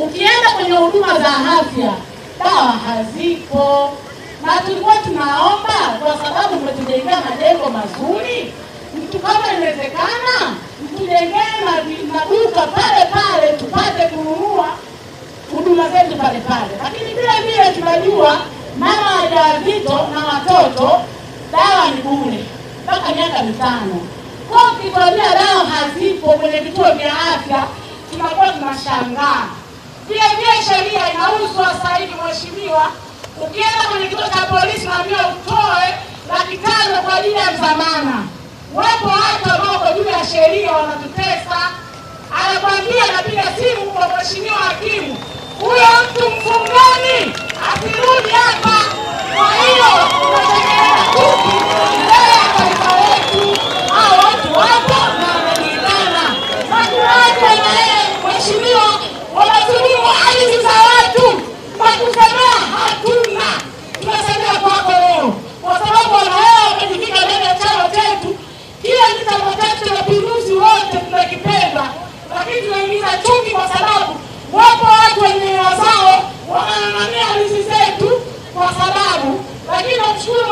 Ukienda kwenye huduma za afya dawa hazipo, na tulikuwa tunaomba kwa sababu mmetujengea majengo mazuri, mtu kama inawezekana mtujengee maduka pale pale tupate kununua huduma zetu pale pale, lakini vile vile tunajua mama wajawazito na watoto dawa ni bure mpaka miaka mitano. Kwa ukitolea dawa hazipo kwenye vituo vya afya, tunakuwa tunashangaa. Vilevile sheria inahusu sasa hivi, mheshimiwa, ukienda kwenye kituo cha polisi naambia utoe laki tano kwa ajili ya mzamana. Wapo watu ambao kwa juu ya sheria wanatutesa, anakwambia napiga simu hizi zetu, kwa sababu, lakini namshukuru